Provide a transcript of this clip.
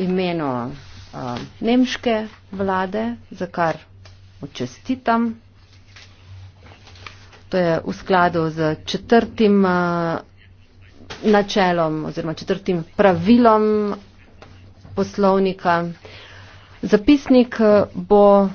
imenu uh, nemške vlade, za kar očestitam. To je v skladu z četrtim uh, načelom oziroma četrtim pravilom poslovnika. Zapisnik eh, bo